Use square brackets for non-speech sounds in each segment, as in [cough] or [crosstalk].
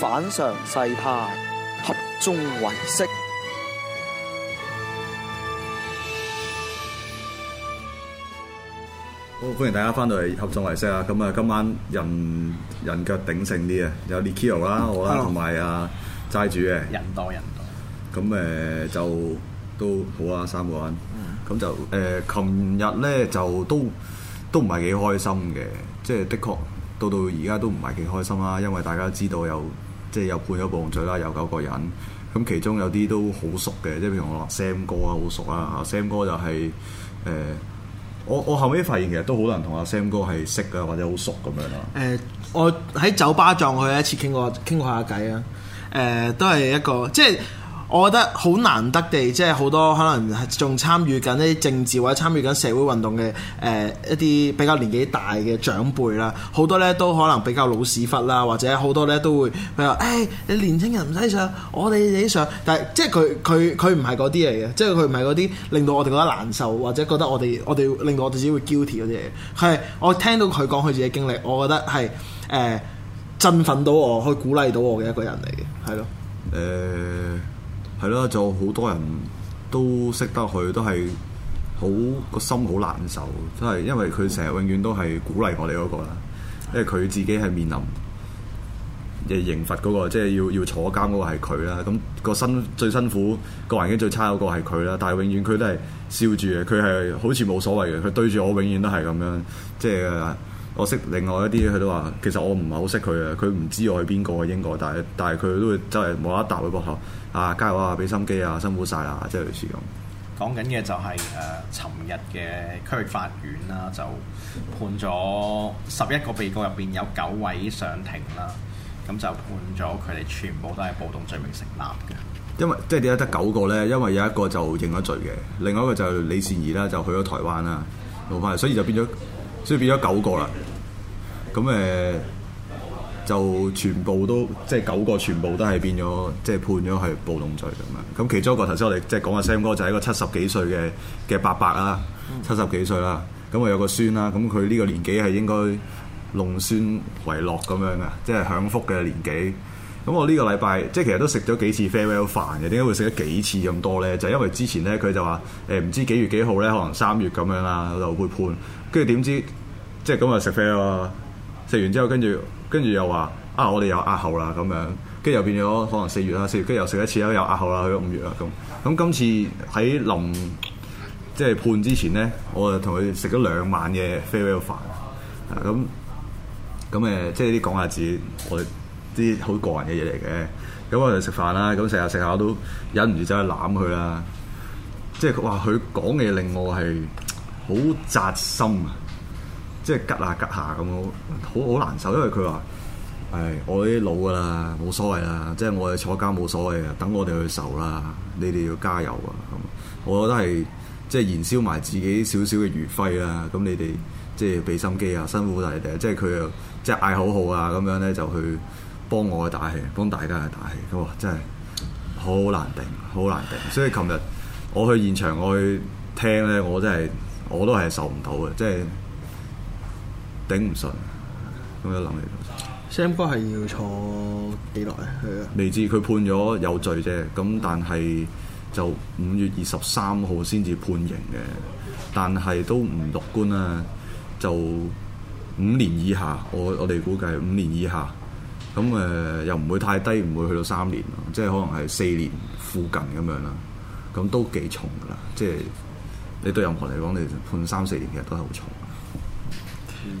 反常世態，合眾唯識。好，歡迎大家翻到嚟合眾唯識啊！咁啊，今晚人人腳鼎盛啲啊，有 Nikio 啦， [laughs] 我啦，同埋啊齋主嘅人，人多，人多咁誒就都好啊，三個人。咁、嗯、就誒。琴、呃、日咧就都都唔係幾開心嘅，即、就、係、是、的確到到而家都唔係幾開心啦，因為大家知道有。即係有半組伴侶啦，有九個人，咁其中有啲都好熟嘅。即係譬如我話 Sam 哥啊，好熟啦 Sam 哥就係、是、誒、呃，我我後尾發現其實都好難同阿 Sam 哥係識嘅或者好熟咁樣咯。誒、呃，我喺酒吧撞佢一次傾過傾過下偈啊，誒、呃，都係一個即係。我覺得好難得地，即係好多可能仲參與緊啲政治或者參與緊社會運動嘅誒、呃、一啲比較年紀大嘅長輩啦，好多咧都可能比較老屎忽啦，或者好多咧都會佢話誒，你年輕人唔使上，我哋自己上。但係即係佢佢佢唔係嗰啲嚟嘅，即係佢唔係嗰啲令到我哋覺得難受，或者覺得我哋我哋令到我哋自己會 guilty 嗰啲嘢係。我聽到佢講佢自己經歷，我覺得係誒、呃、振奮到我，去鼓勵到我嘅一個人嚟嘅，係咯誒。呃係咯，就好多人都識得佢，都係好個心好難受。真係、那個，因為佢成日永遠都係鼓勵我哋嗰個啦。因為佢自己係面臨刑罰嗰、那個，即係要要坐監嗰個係佢啦。咁、那個身最辛苦，個環境最差嗰個係佢啦。但係永遠佢都係笑住嘅，佢係好似冇所謂嘅。佢對住我永遠都係咁樣。即係我識另外一啲，佢都話其實我唔係好識佢啊。佢唔知我係邊個英國。但係但係佢都會走嚟無啦啦搭佢膊頭。啊！加油啊，俾心機啊！辛苦晒啊！即係類似咁講緊嘅就係、是、誒，尋、呃、日嘅區域法院啦、啊，就判咗十一個被告，入邊有九位上庭啦，咁、啊、就判咗佢哋全部都係暴動罪名成立嘅。因為即係點解得九個咧？因為有一個就認咗罪嘅，另外一個就李善儀啦，就去咗台灣啦，冇、啊、翻嚟，所以就變咗，所以變咗九個啦。咁誒。呃就全部都即係九個，全部都係變咗，即係判咗係暴動罪咁樣。咁其中一個頭先我哋即係講阿 Sam 哥，就係一個七十幾歲嘅嘅伯伯啦，嗯、七十幾歲啦。咁我有個孫啦，咁佢呢個年紀係應該弄孫為樂咁樣嘅，即係享福嘅年紀。咁我呢個禮拜即係其實都食咗幾次 farewell 飯嘅，點解會食咗幾次咁多咧？就係、因為之前咧佢就話誒唔知幾月幾號咧，可能三月咁樣啦，就會判。跟住點知即係咁啊食 fare，食完之後跟住。跟住又話啊，我哋有押後啦咁樣，跟住又變咗可能四月啦，四月跟住又食一次啦，又有押後啦，去咗五月啦咁。咁今次喺臨即係判之前咧，我就同佢食咗兩晚嘅 file 飯啊，咁咁誒，即係啲講下字，我哋啲好個人嘅嘢嚟嘅。咁我哋食飯啦，咁成日食下我都忍唔住走去攬佢啦，即係佢話佢講嘅嘢令我係好扎心啊！即係吉下吉下咁，好好難受，因為佢話：誒、哎，我啲老㗎啦，冇所謂啦。即係我係坐監冇所謂嘅，等我哋去受啦。你哋要加油啊！咁，我覺得係即係燃燒埋自己少少嘅餘暉啦。咁你哋即係俾心機啊，辛苦晒你哋。即係佢又即係嗌好好啊，咁樣咧就去幫我打氣，幫大家去打氣。佢話：真係好難頂，好難頂。」所以琴日我去現場我去聽咧，我真係我都係受唔到嘅，即係。頂唔順，咁樣諗起嚟。Sam 哥係要坐幾耐啊？佢啊，未知佢判咗有罪啫。咁但係就五月二十三號先至判刑嘅，但係都唔樂觀啦。就五年以下，我我哋估計五年以下，咁誒、呃、又唔會太低，唔會去到三年，即係可能係四年附近咁樣啦。咁都幾重㗎啦，即係你對任何人嚟講，你判三四年其實都係好重。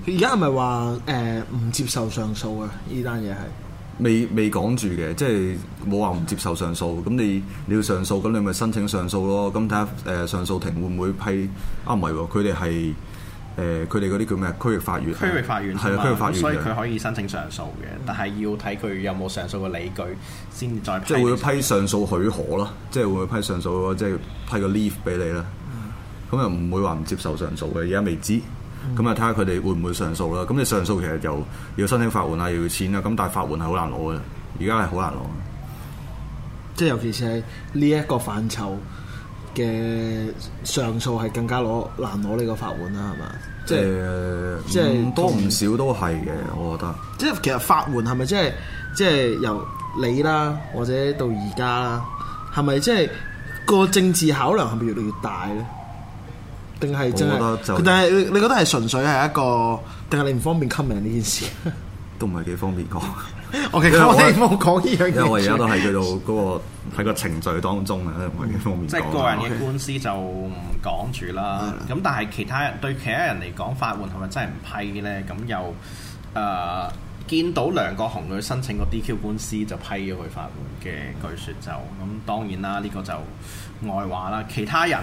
而家係咪話誒唔接受上訴啊？呢單嘢係未未講住嘅，即係冇話唔接受上訴。咁 [laughs] 你你要上訴，咁你咪申請上訴咯。咁睇下誒上訴庭會唔會批？啊唔係，佢哋係誒佢哋嗰啲叫咩？區域法院、啊，區域法院係啊，區域法院。所以佢可以申請上訴嘅，嗯、但係要睇佢有冇上訴嘅理據先再批。即係會批上訴許可咯，即係會,唔會批上訴即係批個 leave 俾你啦。咁又唔會話唔接受上訴嘅，而家未知。咁啊，睇下佢哋會唔會上訴啦？咁你上訴其實又要申請法援啦，要錢啦。咁但係法援係好難攞嘅，而家係好難攞。即係尤其是係呢一個範疇嘅上訴係更加攞難攞呢個法援啦，係嘛？即係、呃、即係是、嗯、多唔少都係嘅，我覺得。即係其實法援係咪即係即係由你啦，或者到而家啦，係咪即係個政治考量係咪越嚟越大咧？定係即係，但係、即係、你覺得係純粹係一個，定係你唔方便 comment 呢件事？都唔係幾方便講。 [laughs] okay, 我其實冇講呢樣嘢。我而家都係叫做嗰個喺 [laughs] 個程序當中啊，唔係幾方便講。即係個人嘅官司就唔講住啦。咁 Okay. 但係其他人對其他人嚟講，法援係咪真係唔批咧？咁又誒、呃、見到梁國雄去申請個 DQ 官司就批咗佢法援嘅，據說就咁當然啦。呢、呢個就外話啦，其他人。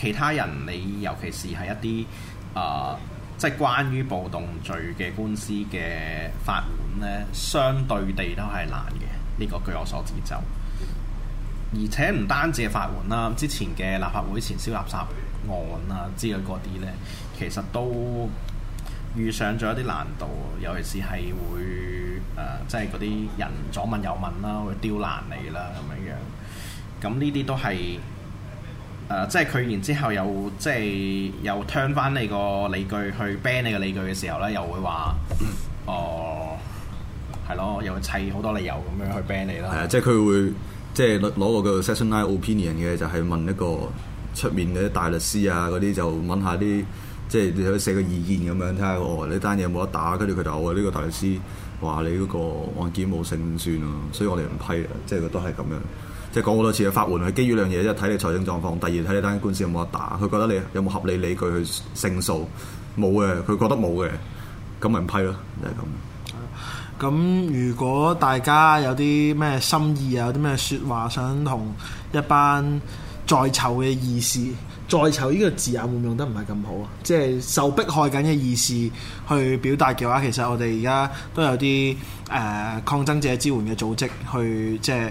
其他人你尤其是係一啲啊、呃，即係關於暴動罪嘅官司嘅法援呢，相對地都係難嘅。呢、這個據我所知就，而且唔單止係法援啦，之前嘅立法會前燒垃圾案啊之類嗰啲呢，其實都遇上咗一啲難度，尤其是係會誒、呃，即係嗰啲人左問右問啦，會刁難你啦咁樣樣。咁呢啲都係。誒、呃，即係佢然之後又即係又 turn 翻你個理據去 ban 你嘅理據嘅時候咧，又會話，哦、呃，係咯， [coughs] 又砌好多理由咁樣去 ban 你啦。係啊，即係佢會即係攞個個 session opinion 嘅，就係、是、問一個出面啲大律師啊嗰啲，就問一下啲即係你可以寫個意見咁樣，睇下哦呢單嘢有冇得打，跟住佢就哦呢、這個大律師話你嗰、這個案件冇勝算啊，所以我哋唔批啊，即係佢都係咁樣。即係講好多次嘅法援係基於兩嘢，一係睇你財政狀況，第二睇你單官司有冇得打。佢覺得你有冇合理理據去勝訴，冇嘅，佢覺得冇嘅，咁咪唔批咯，就係、是、咁。咁如果大家有啲咩心意啊，有啲咩説話想同一班在囚嘅義士，在囚呢個字會唔會用得唔係咁好啊？即、就、係、是、受迫害緊嘅義士去表達嘅話，其實我哋而家都有啲誒、呃、抗爭者支援嘅組織去即係。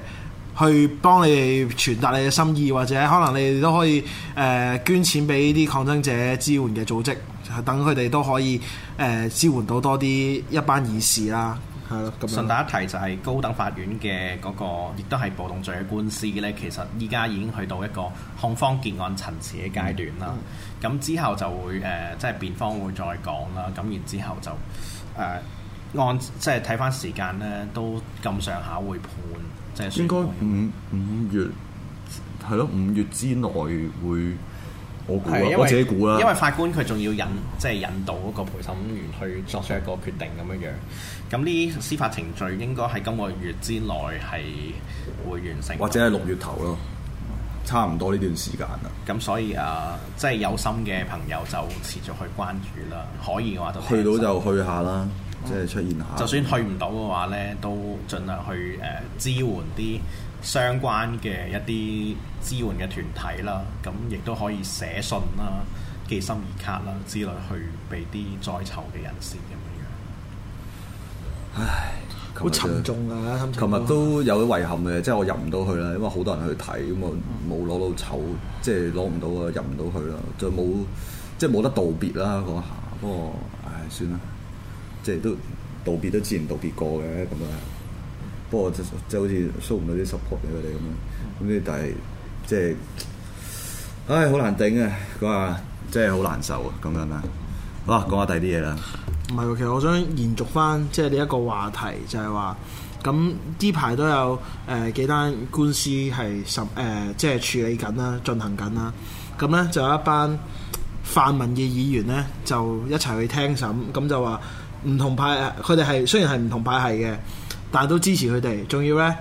去幫你傳達你嘅心意，或者可能你哋都可以誒、呃、捐錢俾啲抗爭者支援嘅組織，等佢哋都可以誒、呃、支援到多啲一班義士啦，係咯。順帶一提就係高等法院嘅嗰、那個，亦都係暴動罪嘅官司呢，其實依家已經去到一個控方結案陳詞嘅階段啦。咁、嗯嗯、之後就會誒、呃，即係辯方會再講啦。咁然之後就誒，按、呃、即係睇翻時間呢，都咁上下會判。應該五五月係咯，五月之內會，我估，我自己估啦。因為法官佢仲要引，即係引導嗰個陪審員去作出一個決定咁樣樣。咁呢啲司法程序應該喺今個月之內係會完成，或者係六月頭咯，差唔多呢段時間啦。咁所以啊，即係有心嘅朋友就持續去關注啦。可以嘅話就去到就去下啦。即係出現下， [noise] 就算去唔到嘅話咧，都盡量去誒、呃、支援啲相關嘅一啲支援嘅團體啦。咁、啊、亦都可以寫信啦、寄、啊、心意卡啦、啊、之類，去俾啲在囚嘅人士。咁樣樣。唉，好沉重啊！琴日都有遺憾嘅，即係我入唔到去啦，因為好多人去睇，咁我冇攞到籌，即係攞唔到啊，入唔到去啦，就冇即係冇得道別啦嗰下。不過唉，算啦。即係都道別都之前道別過嘅咁啊。不過即即係好似收唔到啲 support 俾佢哋咁樣咁咧，但係即係唉，好難頂啊！佢話即係好難受啊，咁樣啦。好，講下第二啲嘢啦。唔係喎，其實我想延續翻即係呢一個話題，就係話咁呢排都有誒、呃、幾單官司係十誒即係處理緊啦，進行緊啦。咁咧就有一班泛民嘅議，議員咧就一齊去聽審，咁就話。唔同派，佢哋係雖然係唔同派系嘅，但係都支持佢哋。仲要咧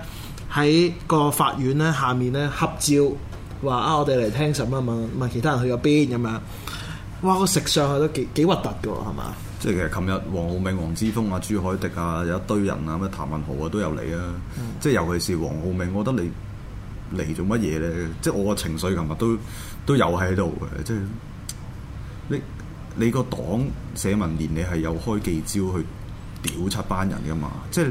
喺個法院咧下面咧合照，話啊我哋嚟聽審啊，問問其他人去咗邊咁樣。哇！我食上去都幾幾核突㗎喎，係嘛？即係其實琴日黃浩銘、黃之鋒啊、朱凱迪啊，有一堆人啊，咩譚文豪啊都有嚟啊。嗯、即係尤其是黃浩銘，我覺得你嚟做乜嘢咧？即係我嘅情緒琴日都都，都有喺度嘅，即、就、係、是、你。你個黨社民連你係有開記招去屌七班人噶嘛？即係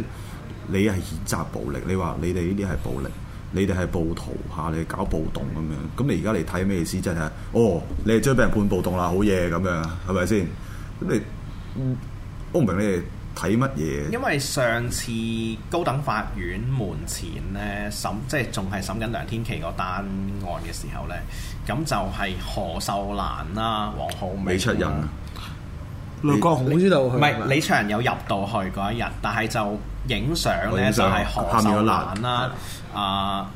你係譴責暴力，你話你哋呢啲係暴力，你哋係暴徒，下你搞暴動咁樣，咁你而家嚟睇咩意思？即係哦，你係將俾人判暴動啦，好嘢咁樣，係咪先？你我唔明你。睇乜嘢？因為上次高等法院門前咧審，即係仲係審緊梁天琦個單案嘅時候咧，咁就係何秀蘭啦、黃浩明未出任？人，雷國雄知道佢唔係李卓人有入到去嗰一日，但係就影相咧就係何秀蘭啦，啊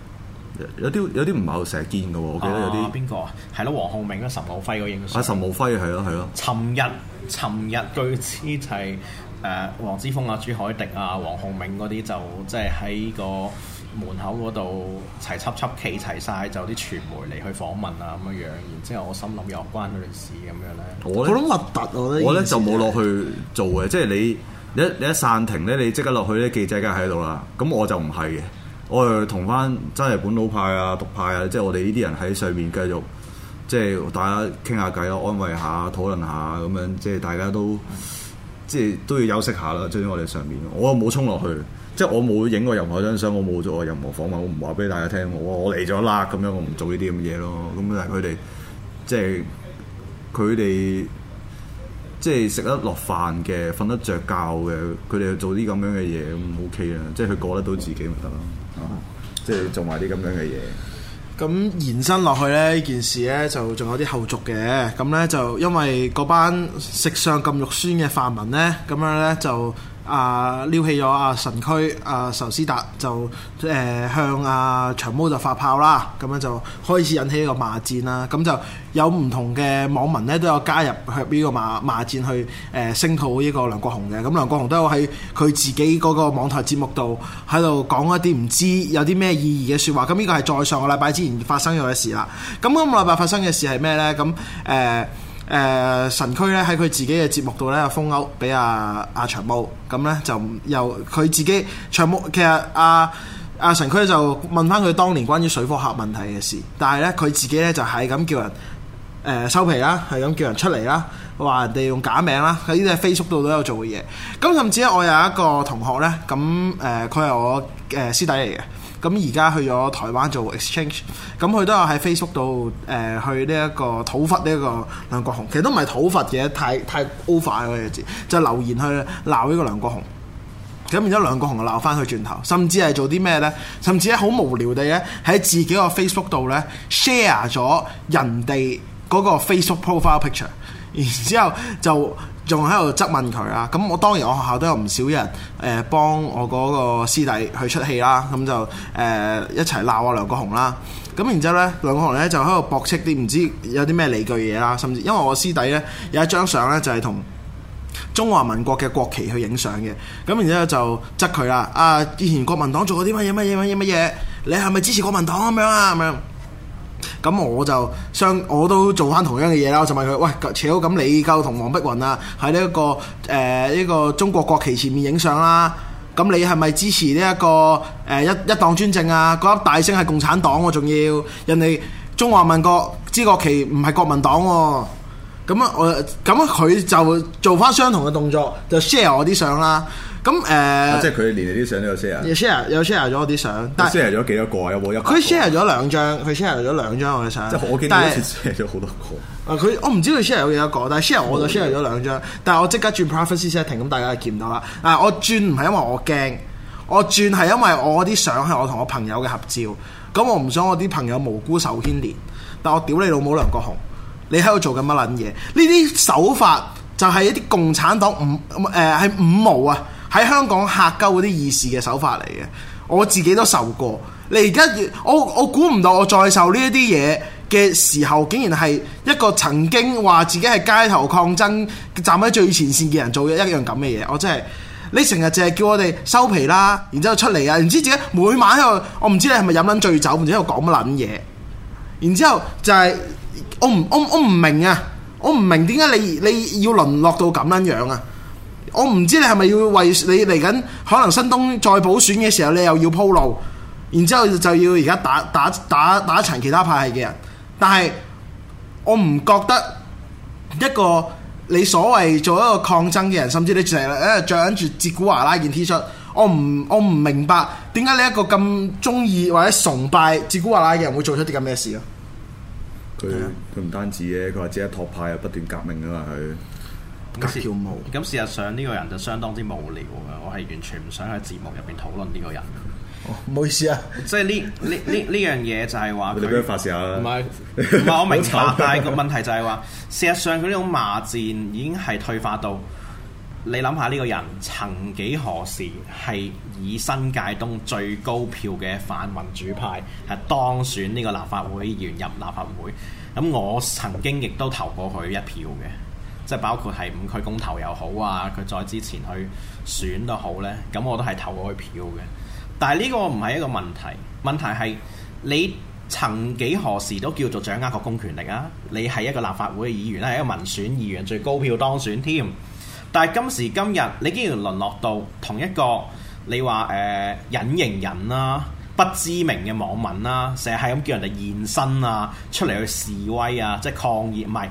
有啲有啲唔係好成日見嘅喎，我記得有啲邊個啊？係咯，黃浩明啊，岑浩輝個影相啊，岑浩輝啊，係咯係咯，尋日尋日據知就係。誒、啊、黃之鋒啊、朱凱迪啊、黃浩銘嗰啲就即係喺個門口嗰度齊輯輯企齊晒，就啲傳媒嚟去訪問啊咁樣樣。然之後我心諗又關佢事咁樣咧，我覺得核突。我咧就冇落去做嘅，對 即係你你一你一散庭咧，你即刻落去咧，記者梗喺度啦。咁我就唔係嘅，我誒同翻真係本土派啊、獨派啊，即係我哋呢啲人喺上面繼續即係大家傾下偈啊，安慰下、討論下咁樣，即係大家都。即係都要休息下啦，至於我哋上面，我又冇衝落去，即係我冇影過任何張相，我冇做過任何訪問，我唔話俾大家聽，我我嚟咗啦，咁樣我唔做呢啲咁嘅嘢咯。咁但係佢哋即係佢哋即係食得落飯嘅，瞓得着覺嘅，佢哋做啲咁樣嘅嘢，咁 OK 啦，即係佢過得到自己咪得咯。啊，即係做埋啲咁樣嘅嘢。咁延伸落去呢件事呢，就仲有啲後續嘅。咁呢，就因為嗰班食相咁肉酸嘅泛民呢，咁樣呢，就啊！撩起咗啊，啊！神區啊！仇斯達就誒、呃、向啊長毛就發炮啦！咁樣就開始引起呢個罵戰啦！咁就有唔同嘅網民咧都有加入去呢個罵罵戰去誒聲討呢個梁國雄嘅。咁梁國雄都有喺佢自己嗰個網台節目度喺度講一啲唔知有啲咩意義嘅説話。咁呢個係在上個禮拜之前發生咗嘅事啦。咁今個禮拜發生嘅事係咩呢？咁誒？呃誒、呃、神區咧喺佢自己嘅節目度咧，封歐俾阿阿長毛，咁咧就又佢自己長毛，其實阿、啊、阿、啊、神區就問返佢當年關於水貨客問題嘅事，但係咧佢自己咧就係咁叫人誒、呃、收皮啦，係咁叫人出嚟啦，話人哋用假名啦，係呢啲係 Facebook 度都有做嘅嘢咁，甚至咧我有一個同學咧咁誒，佢係、呃、我嘅師弟嚟嘅。呃咁而家去咗台灣做 exchange，咁佢都有喺 Facebook 度誒、呃、去呢一個討伐呢個梁國雄，其實都唔係討伐嘅，太太 over 嗰個字就是、留言去鬧呢個梁國雄。咁而家梁國雄又鬧翻佢轉頭，甚至係做啲咩呢？甚至係好無聊地咧喺自己個 Facebook 度呢 share 咗人哋嗰個 Facebook profile picture，然之後就。仲喺度質問佢啊！咁我當然我學校都有唔少人誒、呃、幫我嗰個師弟去出氣啦，咁就誒、呃、一齊鬧阿梁國雄啦。咁然之後呢，梁國雄呢就喺度駁斥啲唔知有啲咩理據嘢啦，甚至因為我師弟呢有一張相呢就係、是、同中華民國嘅國旗去影相嘅，咁然之後就質佢啦。啊，以前國民黨做過啲乜嘢乜嘢乜嘢乜嘢？你係咪支持國民黨咁樣啊？咁樣。咁我就相我都做翻同樣嘅嘢啦，我就問佢：喂，巧咁你夠同黃碧雲啊，喺呢一個誒呢、呃這個中國國旗前面影相啦。咁你係咪支持呢、這個呃、一個誒一一黨專政啊？嗰、那、粒、個、大聲係共產黨，我仲要人哋中華民國之國旗唔係國民黨喎、啊。咁啊我咁佢就做翻相同嘅動作，就 share 我啲相啦。咁誒、uh, 啊，即係佢連你啲相都有 sh yeah, share，有 share 有 share 咗我啲相，但係 share 咗幾多個、啊、有冇一佢 share 咗兩張，佢 share 咗兩張我嘅相，即係我見到佢 share 咗好 sh 多個。佢是、 [laughs] 啊、我唔知佢 share 有幾多個，但係 share 我就 share 咗兩張。哦、但係我即刻轉 private setting，咁大家就見唔到啦。啊，我轉唔係因為我驚，我轉係因為我啲相係我同我朋友嘅合照，咁我唔想我啲朋友無辜受牽連。但我屌你老母梁國雄，你喺度做緊乜撚嘢？呢啲手法就係一啲共產黨五誒係、呃、五毛啊！喺香港嚇鳩嗰啲意事嘅手法嚟嘅，我自己都受過。你而家我我估唔到我再受呢一啲嘢嘅時候，竟然係一個曾經話自己係街頭抗爭站喺最前線嘅人做嘅一,一樣咁嘅嘢。我真係你成日淨係叫我哋收皮啦，然之後出嚟啊，然之自己每晚喺度，我唔知你係咪飲緊醉酒，唔知喺度講乜撚嘢。然之後就係、是、我唔我我唔明啊，我唔明點解你你要淪落到咁樣樣啊！我唔知你係咪要為你嚟緊可能新東再補選嘅時候，你又要鋪路，然之後就要而家打打打打殘其他派系嘅人。但係我唔覺得一個你所謂做一個抗爭嘅人，甚至你成日着著緊住哲古華拉件 T 恤，我唔我唔明白點解你一個咁中意或者崇拜哲古華拉嘅人，會做出啲咁嘅事咯？佢佢唔單止嘅，佢話即係托派又不斷革命啊嘛，佢。咁事，事實上呢個人就相當之無聊啊！我係完全唔想喺節目入邊討論呢個人。哦，唔好意思啊，即係呢呢呢呢樣嘢就係話，你唔係我明白， [laughs] 但係個問題就係話，事實上佢呢種罵戰已經係退化到你諗下，呢個人曾幾何時係以新界東最高票嘅泛民主派係當選呢個立法會議員入立法會？咁我曾經亦都投過佢一票嘅。即係包括係五區公投又好啊，佢再之前去選都好呢，咁我都係投佢票嘅。但係呢個唔係一個問題，問題係你曾幾何時都叫做掌握個公權力啊？你係一個立法會議員啦，係一個民選議員，最高票當選添。但係今時今日，你竟然淪落到同一個你話誒、呃、隱形人啦、啊、不知名嘅網民啦、啊，成日係咁叫人哋現身啊，出嚟去示威啊，即係抗議唔係。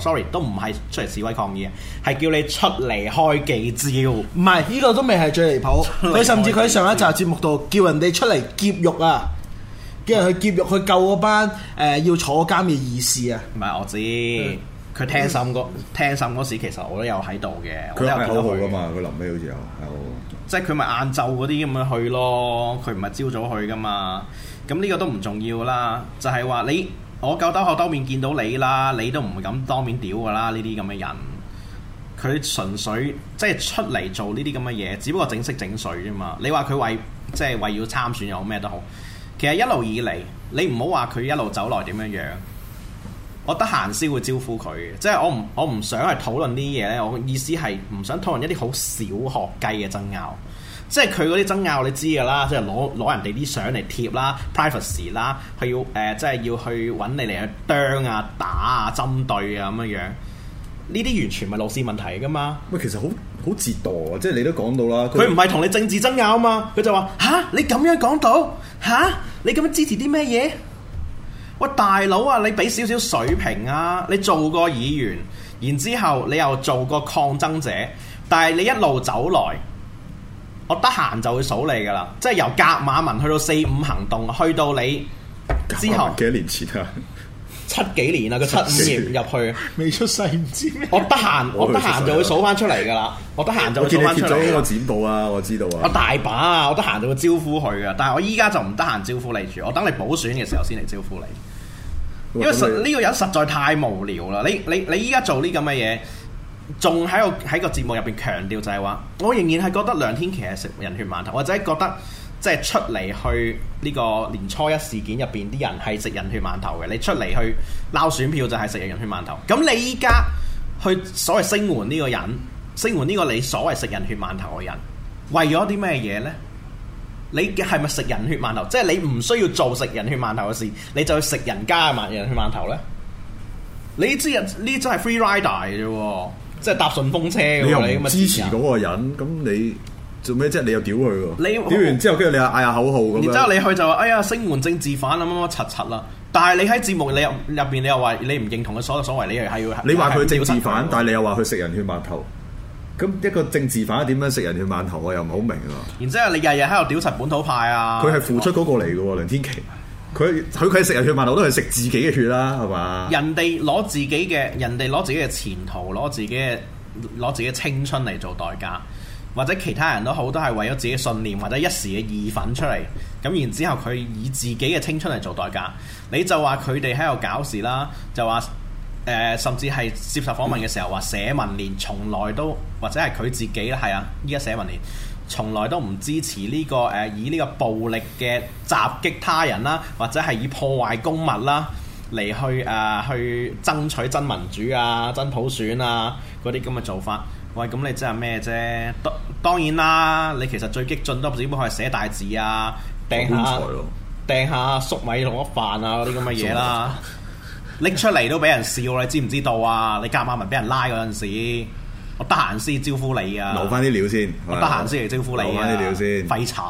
Sorry，都唔係出嚟示威抗議啊，係叫你出嚟開記招。唔係，呢個都未係最離譜。佢 [laughs] 甚至佢喺上一集節目度叫人哋出嚟劫獄啊，叫人去劫獄去救嗰班誒、呃、要坐監嘅意思啊。唔係，我知，佢的聽審嗰聽審時其實我都有喺度嘅。佢係早去啊嘛，佢臨尾好似有有。即係佢咪晏晝嗰啲咁樣去咯，佢唔係朝早去噶嘛。咁呢個都唔重要啦，就係、是、話你。我夠膽兜口兜面見到你啦，你都唔敢當面屌㗎啦！呢啲咁嘅人，佢純粹即係出嚟做呢啲咁嘅嘢，只不過整色整水啫嘛。你話佢為即係、就是、為要參選又好咩都好，其實一路以嚟，你唔好話佢一路走來點樣樣。我得閒先會招呼佢即係我唔我唔想去討論呢啲嘢咧。我意思係唔想討論一啲好小學雞嘅爭拗。即係佢嗰啲爭拗你知噶啦，即係攞攞人哋啲相嚟貼啦，privacy 啦，佢要誒即係要去揾你嚟去啄啊、打啊、針對啊咁樣樣，呢啲完全唔係路線問題噶嘛。喂，其實好好折墮啊！即係你都講到啦，佢唔係同你政治爭拗啊嘛，佢就話吓？你咁樣講到吓？你咁樣支持啲咩嘢？喂，大佬啊，你俾少少水平啊！你做過議員，然之後你又做過抗爭者，但係你一路走來。我得閒就會數你噶啦，即係由甲馬文去到四五行動，去到你之後。幾多年前啊？ [laughs] 七幾年啦，啊，個七五年入去，未出世唔知咩。我得閒，我得閒就會數翻出嚟噶啦。 [laughs] 我得閒就會數我見出咗個剪報啊，我知道啊。我大把啊，我得閒就會招呼佢噶，但係我依家就唔得閒招呼你住，我等你補選嘅時候先嚟招呼你。喂因為實呢你個人實在太無聊啦，你你你依家做呢咁嘅嘢。仲喺個喺個節目入邊強調就係話，我仍然係覺得梁天琦係食人血饅頭，或者覺得即係出嚟去呢個年初一事件入邊啲人係食人血饅頭嘅。你出嚟去撈選票就係食人血饅頭。咁你依家去所謂聲援呢個人，聲援呢個你所謂食人血饅頭嘅人，為咗啲咩嘢呢？你係咪食人血饅頭？即係你唔需要做食人血饅頭嘅事，你就去食人家嘅人血饅頭咧？你呢呢啲真係 free rider 啫喎，哦！即係搭順風車咁樣，你又支持嗰個人咁你做咩？即係你又屌佢喎！你屌完之後，跟住你又嗌下口號咁然之後你去就話：哎呀，聲援政治犯啊乜乜柒柒啦！但係你喺節目面你又入邊，你又話你唔認同佢所作所為，你又係要。你話佢政治犯，但係你又話佢食人血饅頭。咁一個政治犯點樣食人血饅頭啊？我又唔係好明，然之後你日日喺度屌柒本土派啊！佢係付出嗰個嚟嘅、嗯、梁天琦。佢佢佢食人血饅頭都係食自己嘅血啦，係嘛？人哋攞自己嘅，人哋攞自己嘅前途，攞自己嘅攞自己青春嚟做代價，或者其他人都好，都係為咗自己信念或者一時嘅義憤出嚟。咁然之後佢以自己嘅青春嚟做代價。你就話佢哋喺度搞事啦，就話誒、呃，甚至係接受訪問嘅時候話社民連從來都或者係佢自己啦，係啊，而家社民連。從來都唔支持呢、這個誒、呃，以呢個暴力嘅襲擊他人啦，或者係以破壞公物啦嚟、啊、去誒、呃、去爭取真民主啊、真普選啊嗰啲咁嘅做法。喂，咁你即係咩啫？當當然啦，你其實最激進都只不過係寫大字啊、掟下掟下粟米同一飯啊嗰啲咁嘅嘢啦，拎米出嚟都俾人笑， [laughs] 你知唔知道啊？你加馬文俾人拉嗰陣時。我得閒先招呼你啊！留翻啲料先。我得閒先嚟招呼你啊！攞翻啲料先。廢柴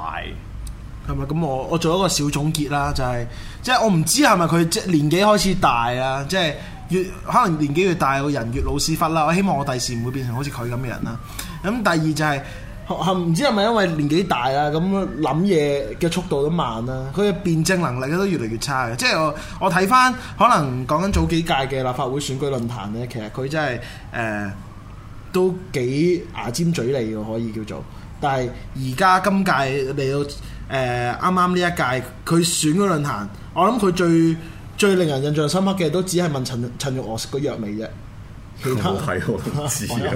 係咪？咁我我做一個小總結啦，就係即係我唔知係咪佢即係年紀開始大啊，即係越可能年紀越大，個人越老屎忽啦。我希望我第時唔會變成好似佢咁嘅人啦。咁第二就係唔知係咪因為年紀大啊，咁諗嘢嘅速度都慢啦。佢嘅辯證能力都越嚟越差嘅。即係我我睇翻，可能講緊早幾屆嘅立法會選舉論壇咧，其實佢真係誒，呃都幾牙尖嘴利嘅，可以叫做，但係而家今屆嚟到誒，啱啱呢一屆，佢選嗰論壇，我諗佢最最令人印象深刻嘅都只係問陳陳玉娥食過藥未啫，其他係我嘅，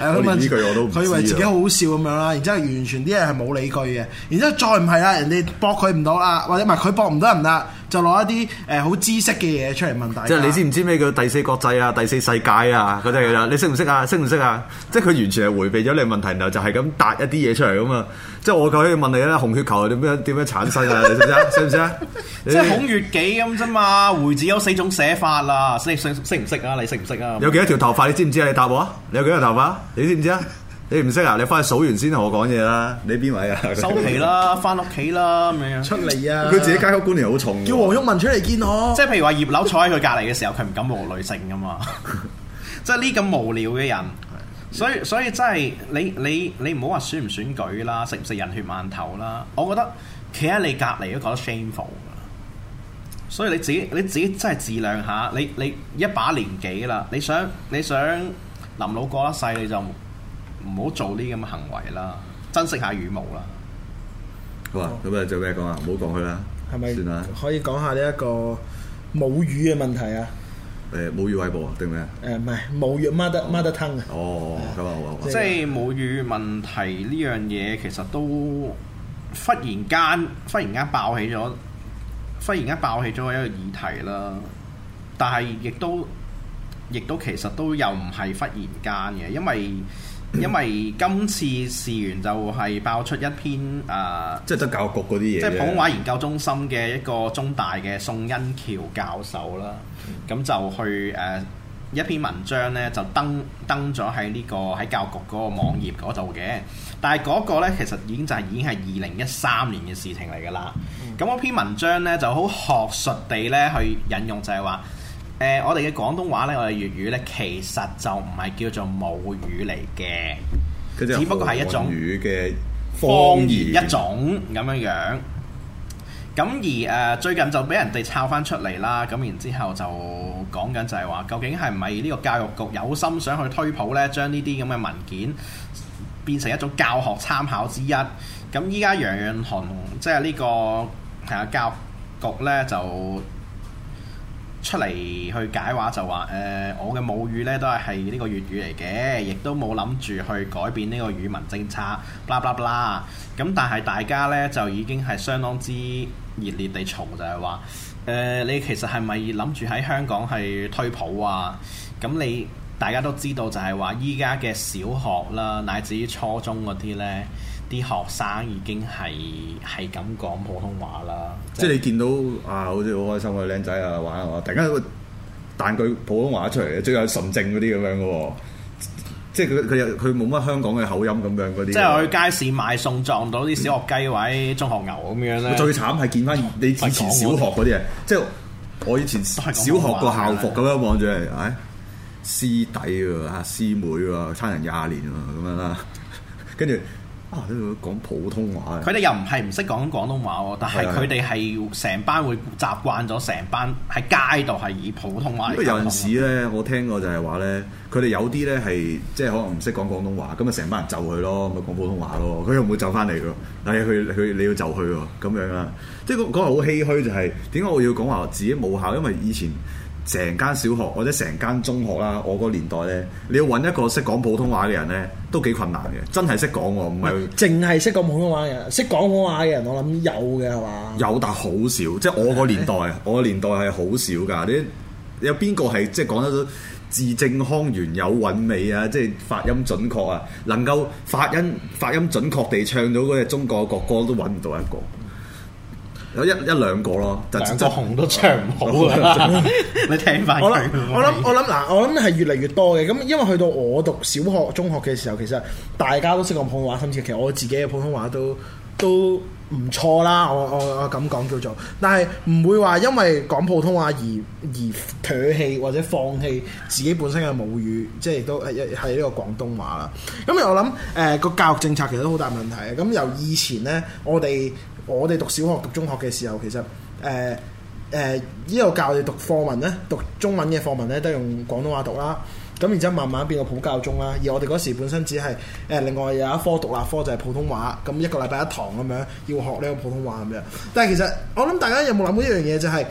佢 [laughs] 我連 [laughs] 問佢以為自己好好笑咁樣啦，然之後完全啲人係冇理據嘅，然之後再唔係啦，人哋駁佢唔到啦，或者唔係佢駁唔到人啦。就攞一啲誒好知識嘅嘢出嚟問大家，即係你知唔知咩叫第四國際啊、第四世界啊嗰啲嘢啊？你識唔識啊？識唔識啊？即係佢完全係迴避咗你問題，然後就係咁答一啲嘢出嚟咁嘛。即係我就可以問你啦，紅血球點樣點樣產生啊？你識唔識啊？識唔識啊？即係孔乙己咁啫嘛？回字有四種寫法啦，識唔識啊？你識唔識啊？有幾多條頭髮？你知唔知啊？你答我啊？你有幾多條頭髮？你知唔知啊？你唔識啊？你翻去數完先同我講嘢啦。你邊位啊？ [laughs] 收皮啦，翻屋企啦，咁樣出嚟啊！佢自己階級觀念好重，叫黃玉文出嚟見我。即係譬如話葉劉坐喺佢隔離嘅時候，佢唔 [laughs] 敢和女性㗎嘛。 [laughs] 即係呢咁無聊嘅人 [laughs] 所，所以所以真係你你你唔好話選唔選舉啦，食唔食人血饅頭啦。我覺得企喺你隔離都覺得 shameful。所以你自己你自己真係自量下，你你，你一把年紀啦，你想你想，你想臨老過一世你就。你就唔好做呢啲咁嘅行為啦，珍惜下羽毛啦。好啊，咁啊，就有咩講啊？唔好講佢啦，係咪？算啦，可以講下呢一個母語嘅問題啊。誒、呃，母語餵哺定咩啊？誒，唔係、呃、母語 mother mother tongue 嘅。哦，咁啊、哦，即係母語問題呢樣嘢，其實都忽然間忽然間爆起咗，忽然間爆起咗一個議題啦。但係亦都，亦都其實都又唔係忽然間嘅，因為。因為今次事緣就係爆出一篇啊，呃、即係得教育局嗰啲嘢，即係普通話研究中心嘅一個中大嘅宋恩橋教授啦，咁 [laughs] 就去誒、呃、一篇文章咧，就登登咗喺呢個喺教育局嗰個網頁嗰度嘅，但係嗰個咧其實已經就係、是、已經係二零一三年嘅事情嚟㗎啦。咁篇文章咧就好學術地咧去引用就係話。誒、呃，我哋嘅廣東話咧，我哋粵語咧，其實就唔係叫做母語嚟嘅，只不過係一種語嘅方言一種咁樣樣。咁而誒、呃，最近就俾人哋抄翻出嚟啦。咁然之後就講緊就係話，究竟係唔係呢個教育局有心想去推普咧，將呢啲咁嘅文件變成一種教學參考之一？咁依家楊潤雄，即係呢、這個係啊教育局咧就。出嚟去解話就話誒、呃，我嘅母語呢都係係呢個粵語嚟嘅，亦都冇諗住去改變呢個語文政策。啦啦啦！咁但係大家呢就已經係相當之熱烈地嘈，就係話誒，你其實係咪諗住喺香港去推普啊？咁你大家都知道就係話依家嘅小學啦，乃至於初中嗰啲呢。啲學生已經係係咁講普通話啦，即係你見到啊，好似好開心嘅靚仔啊玩下突然間，大家彈句普通話出嚟即最有純正嗰啲咁樣嘅喎，即係佢佢佢冇乜香港嘅口音咁樣嗰啲。即係我去街市買餸撞到啲小學雞或者、中學牛咁樣咧。嗯、最慘係見翻你以前小學嗰啲啊，即係我以前小學個校服咁樣望住，係師弟喎，啊師妹喎，差人廿年喎咁樣啦，跟住。跟啊！喺度講普通話，佢哋又唔係唔識講廣東話喎，但係佢哋係成班會習慣咗，成班喺街度係以普通話。因為有陣時咧，嗯、我聽過就係話咧，佢哋有啲咧係即係可能唔識講廣東話，咁啊成班人就佢咯，咪講普通話咯，佢又唔會就翻嚟噶。但係佢佢你要就佢喎，咁樣啊，即係講講係好唏噓，就係，就係點解我要講話自己母校？因為以前。成間小學或者成間中學啦，我個年代呢，你要揾一個識講普通話嘅人呢，都幾困難嘅。真係識講喎，唔係淨係識講普通話嘅人，識講普通話嘅人，我諗有嘅係嘛？有，但好少。即係我個年代 [laughs] 我個年代係好少㗎。你有邊個係即係講得到字正腔圓、有韻味啊？即係發音準確啊，能夠發音發音準確地唱到嗰隻中國國歌，都揾唔到一個。有一一兩個咯，就個紅都唱唔好啊！你聽翻。我我我諗嗱，我諗係越嚟越多嘅。咁因為去到我讀小學、中學嘅時候，其實大家都識講普通話，甚至其實我自己嘅普通話都都唔錯啦。我我我咁講叫做，但係唔會話因為講普通話而而唾棄或者放棄自己本身嘅母語，即係亦都係係呢個廣東話啦。咁我諗誒個教育政策其實都好大問題。咁由以前呢，我哋。我哋讀小學讀中學嘅時候，其實誒誒、呃呃這個、呢度教我哋讀課文咧，讀中文嘅課文咧，都係用廣東話讀啦。咁然之後慢慢變到普教中啦。而我哋嗰時本身只係誒、呃、另外有一科獨立科，科就係普通話，咁一個禮拜一堂咁樣要學呢個普通話咁樣。但係其實我諗大家有冇諗過一樣嘢，就係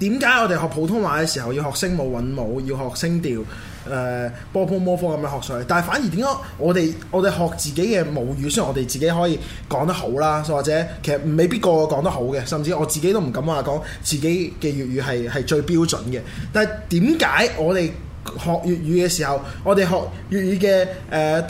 點解我哋學普通話嘅時候要學聲母韻母，要學聲調？誒、呃，波波摩科咁樣學上去，但係反而點解我哋我哋學自己嘅母語，雖然我哋自己可以講得好啦，或者其實未必個個個講得好嘅，甚至我自己都唔敢話講自己嘅粵語係係最標準嘅。但係點解我哋學粵語嘅時候，我哋學粵語嘅誒、呃，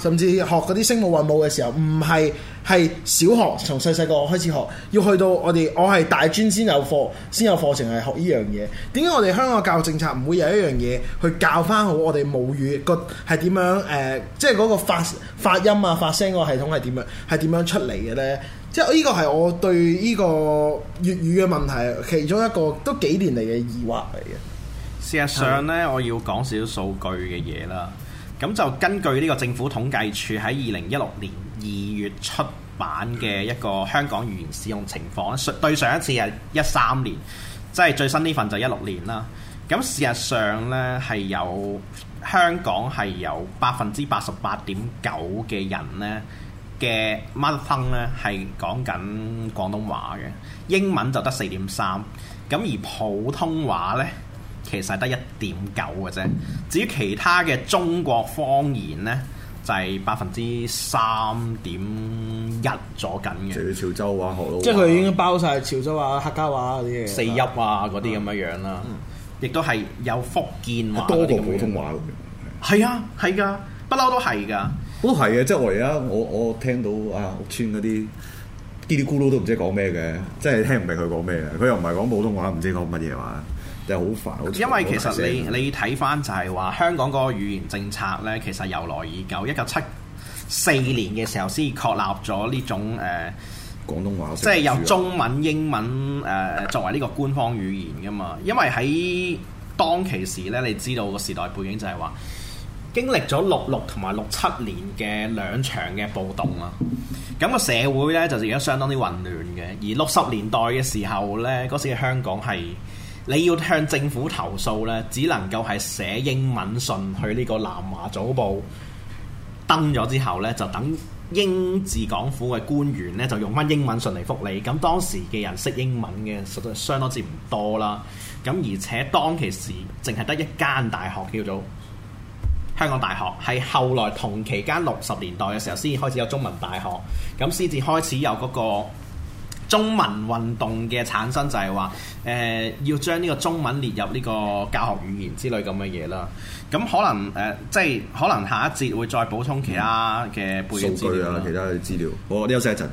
甚至學嗰啲聲母韻母嘅時候，唔係係小學，從細細個開始學，要去到我哋我係大專先有課，先有課程係學呢樣嘢。點解我哋香港教育政策唔會有一樣嘢去教翻好我哋母語個係點樣？誒、呃，即係嗰個發發音啊，發聲個系統係點樣？係點樣出嚟嘅呢？即係呢個係我對呢個粵語嘅問題其中一個都幾年嚟嘅疑惑嚟嘅。事實上咧，我要講少少數據嘅嘢啦。咁就根據呢個政府統計處喺二零一六年二月出版嘅一個香港語言使用情況咧，對上一次係一三年，即係最新呢份就一六年啦。咁事實上咧，係有香港係有百分之八十八點九嘅人咧嘅 mother tongue 咧，係講緊廣東話嘅，英文就得四點三，咁而普通話咧，其實係得一點九嘅啫。至於其他嘅中國方言咧，就係百分之三點一左右嘅。即係潮州話、啊、客即係佢已經包晒潮州話、客家話啲四邑啊，嗰啲咁嘅樣啦、啊。嗯、亦都係有福建話多過普通話咁樣。係啊，係㗎，不嬲都係㗎。都係啊。即係、啊啊啊就是、我而家我我聽到啊屋村嗰啲嘀嘀咕咕都唔知講咩嘅，即係聽唔明佢講咩嘅。佢又唔係講普通話，唔知講乜嘢話。就好煩，因為其實你你睇翻就係話香港嗰個語言政策呢，其實由來已久。一九七四年嘅時候先確立咗呢種誒、呃、廣東話，即係有中文、英文誒、呃、作為呢個官方語言噶嘛。因為喺當其時呢，你知道個時代背景就係話經歷咗六六同埋六七年嘅兩場嘅暴動啦，咁、那個社會呢，就係而家相當之混亂嘅。而六十年代嘅時候呢，嗰時香港係。你要向政府投訴呢，只能夠係寫英文信去呢個南華早報登咗之後呢，就等英治港府嘅官員呢，就用翻英文信嚟覆你。咁當時嘅人識英文嘅實在相當之唔多啦。咁而且當其時淨係得一間大學叫做香港大學，係後來同期間六十年代嘅時候先開始有中文大學，咁先至開始有嗰個。中文運動嘅產生就係話，誒、呃、要將呢個中文列入呢個教學語言之類咁嘅嘢啦。咁可能誒、呃，即係可能下一節會再補充其他嘅背景資料啊，其他嘅資料。我休息一陣。